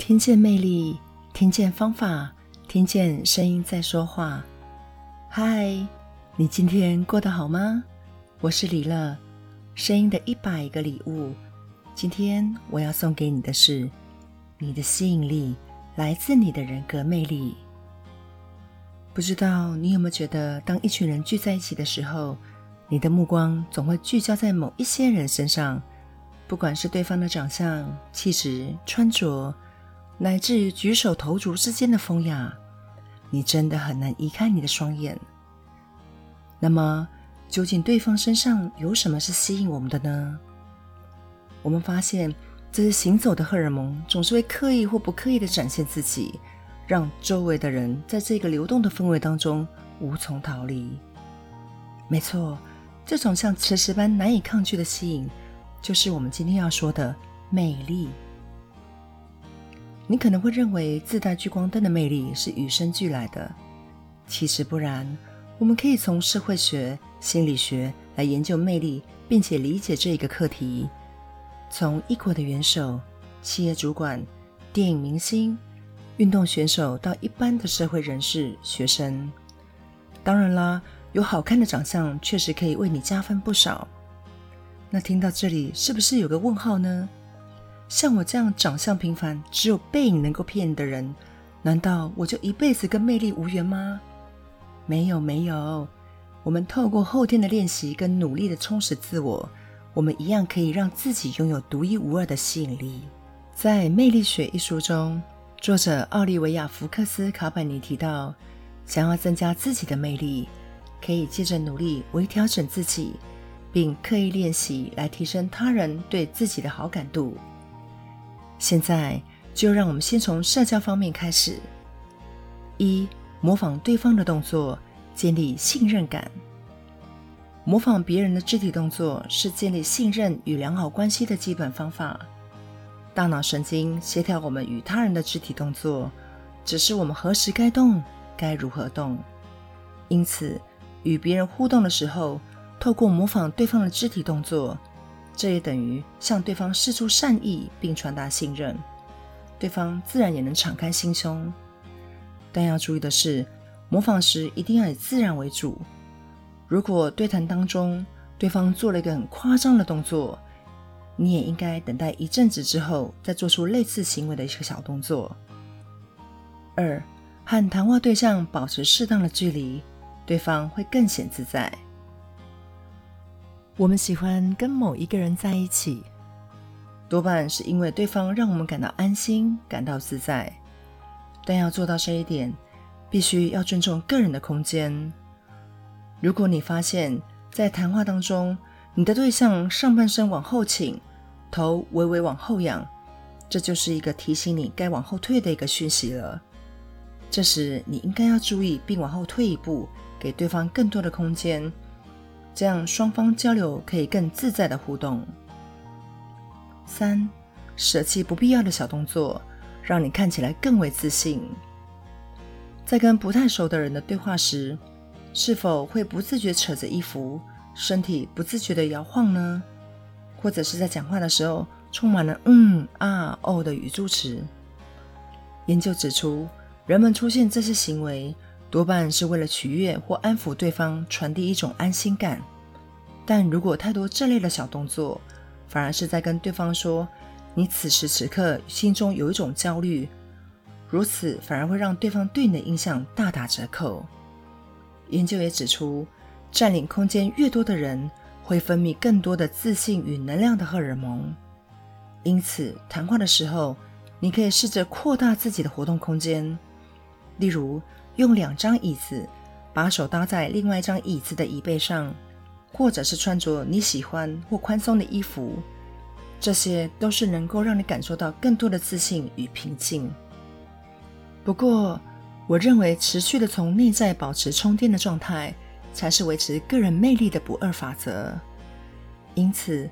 聽見魅力，聽見方法，聽見聲音在說話。嗨，你今天過得好嗎？我是李樂，聲音的一百個禮物。今天我要送給你的是，你的吸引力來自你的人格魅力。不知道你有沒有覺得，當一群人聚在一起的時候，你的目光總會聚焦在某一些人身上，不管是對方的長相、氣質、穿着。乃至舉手投足之間的風雅，你真的很難移開你的雙眼。那麼，究竟對方身上有什麼是吸引我們的呢？我們發現，這些行走的荷爾蒙，總是會刻意或不刻意的展現自己，讓周圍的人在這個流動的氛圍當中無從逃離。沒錯，這種像磁石般難以抗拒的吸引，就是我們今天要說的魅力。你可能會認為自帶聚光燈的魅力是與生俱來的，其實不然。我們可以從社會學、心理學來研究魅力，並且理解這一個課題。從一國的元首、企業主管、電影明星、運動選手到一般的社會人士、學生，當然啦，有好看的長相確實可以為你加分不少。那聽到這裡，是不是有個問號呢？像我這樣長相平凡、只有背影能夠騙的人，難道我就一輩子跟魅力無緣嗎？沒有，沒有。我們透過後天的練習跟努力的充實自我，我們一樣可以讓自己擁有獨一無二的吸引力。在《魅力學》一書中，作者奧利維亞·福克斯·卡本尼提到，想要增加自己的魅力，可以借着努力微調整自己，並刻意練習來提升他人對自己的好感度。現在就讓我們先從社交方面開始。一、模仿對方的動作，建立信任感。模仿別人的肢體動作是建立信任與良好關係的基本方法。大腦神經協調我們與他人的肢體動作，指示我們何時該動、該如何動。因此，與別人互動的時候，透過模仿對方的肢體動作，這也等於向對方示出善意，並傳達信任，對方自然也能敞開心胸。但要注意的是，模仿時一定要以自然為主。如果對談當中對方做了一個很誇張的動作，你也應該等待一陣子之後再做出類似行為的一個小動作。二，和談話對象保持適當的距離，對方會更顯自在。我們喜歡跟某一個人在一起，多半是因為對方讓我們感到安心、感到自在。但要做到這一點，必須要尊重個人的空間。如果你發現，在談話當中，你的對象上半身往後傾，頭微微往後仰，這就是一個提醒你該往後退的一個訊息了。這時，你應該要注意，並往後退一步，給對方更多的空間。這樣，雙方交流可以更自在的互動。三，捨棄不必要的小動作，讓你看起來更為自信。在跟不太熟的人的對話時，是否會不自覺扯着衣服，身體不自覺的搖晃呢？或者是在講話的時候，充滿了嗯“嗯啊哦”的語助詞？研究指出，人們出現這些行為。多半是為了取悅或安撫對方，傳遞一種安心感。但如果太多這類的小動作，反而是在跟對方說你此時此刻心中有一種焦慮，如此反而會讓對方對你的印象大打折扣。研究也指出，佔領空間越多的人，會分泌更多的自信與能量的荷爾蒙。因此，談話的時候，你可以試着擴大自己的活動空間，例如。用兩張椅子，把手搭在另外一張椅子的椅背上，或者是穿着你喜歡或寬鬆的衣服，這些都是能夠讓你感受到更多的自信與平靜。不過，我認為持續的從內在保持充電的狀態，才是維持個人魅力的不二法則。因此，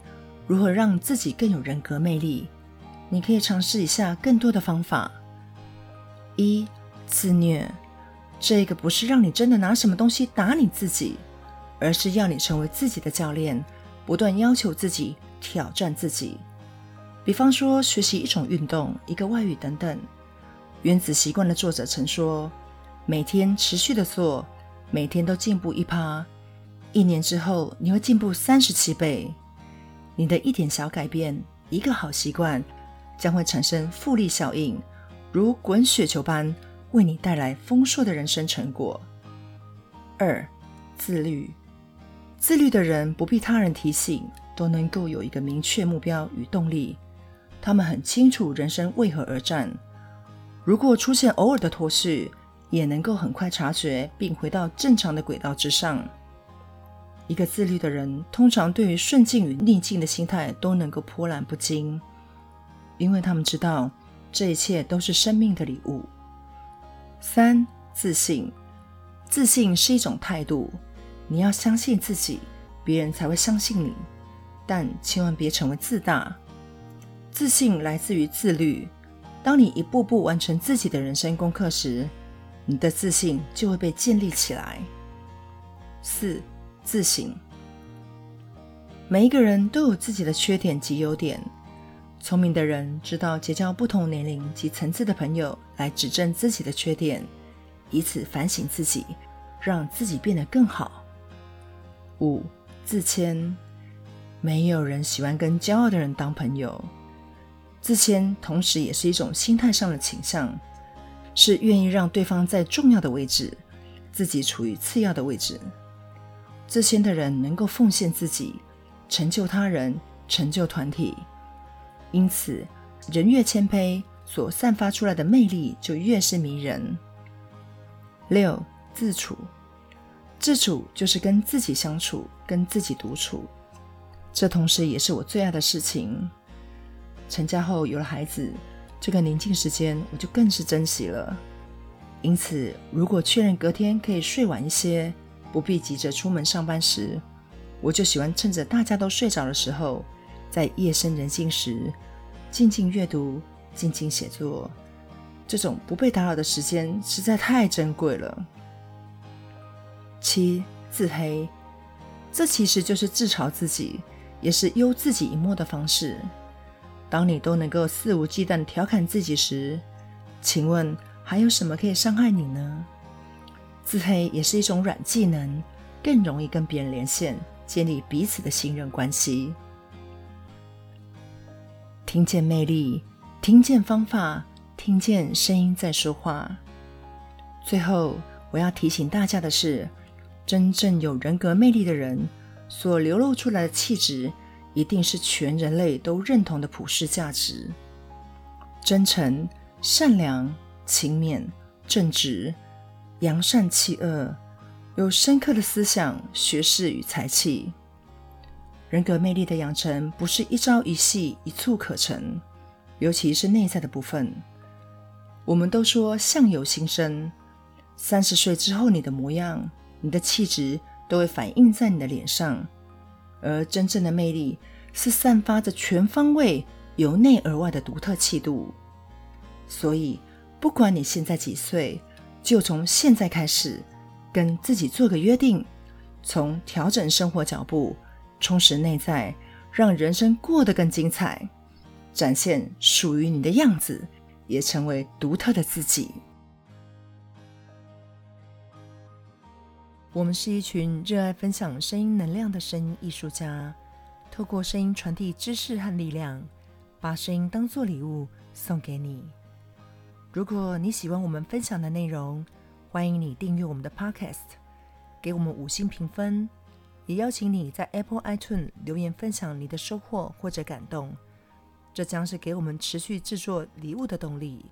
如何讓自己更有人格魅力，你可以嘗試一下更多的方法：一、自虐。這個不是讓你真的拿什麼東西打你自己，而是要你成為自己的教練，不斷要求自己、挑戰自己。比方說，學習一種運動、一個外語等等。原子習慣的作者曾說：“每天持續的做，每天都進步一趴，一年之後你會進步三十七倍。你的一點小改變，一個好習慣，將會產生複利效應，如滾雪球般。”為你帶來豐碩的人生成果。二、自律。自律的人不必他人提醒，都能夠有一個明確目標與動力。他們很清楚人生為何而戰。如果出現偶爾的脫序，也能夠很快察覺並回到正常的軌道之上。一個自律的人，通常對於順境與逆境的心態都能夠波瀾不驚，因為他們知道這一切都是生命的禮物。三、自信。自信是一種態度，你要相信自己，別人才會相信你。但千萬別成為自大。自信來自於自律，當你一步步完成自己的人生功課時，你的自信就會被建立起來。四、自省。每一個人都有自己的缺點及優點。聰明的人知道結交不同年齡及層次的朋友來指正自己的缺點，以此反省自己，讓自己變得更好。五、自謙，沒有人喜歡跟驕傲的人當朋友。自謙同時也是一種心態上的傾向，是願意讓對方在重要的位置，自己處於次要的位置。自謙的人能夠奉獻自己，成就他人，成就團體。因此，人越謙卑，所散發出來的魅力就越是迷人。六，自處，自處就是跟自己相處，跟自己獨處。這同時也是我最愛的事情。成家後有了孩子，這個寧靜時間我就更是珍惜了。因此，如果確認隔天可以睡晚一些，不必急着出門上班時，我就喜歡趁着大家都睡着的時候。在夜深人靜時，靜靜閱讀，靜靜寫作，這種不被打擾的時間實在太珍貴了。七自黑，這其實就是自嘲自己，也是幽自己一默的方式。當你都能夠肆無忌憚地調侃自己時，請問還有什麼可以傷害你呢？自黑也是一種軟技能，更容易跟別人連線，建立彼此的信任關係。聽見魅力，聽見方法，聽見聲音在說話。最後，我要提醒大家的是，真正有人格魅力的人，所流露出來的氣質，一定是全人類都認同的普世價值：真誠、善良、勤勉、正直、揚善棄惡，有深刻的思想、學識與才氣。人格魅力的養成不是一朝一夕、一蹴可成，尤其是內在的部分。我們都說“相由心生”，三十歲之後，你的模樣、你的氣質都會反映在你的臉上。而真正的魅力是散發着全方位、由內而外的獨特氣度。所以，不管你現在幾歲，就從現在開始，跟自己做個約定，從調整生活腳步。充實內在，讓人生過得更精彩，展現屬於你的樣子，也成為獨特的自己。我們是一群熱愛分享聲音能量的聲音藝術家，透過聲音傳遞知識和力量，把聲音當做禮物送給你。如果你喜歡我們分享的內容，歡迎你訂閱我們的 Podcast，給我們五星評分。也邀請你在 Apple iTunes 留言，分享你的收穫或者感動，這將是給我們持續製作禮物的動力。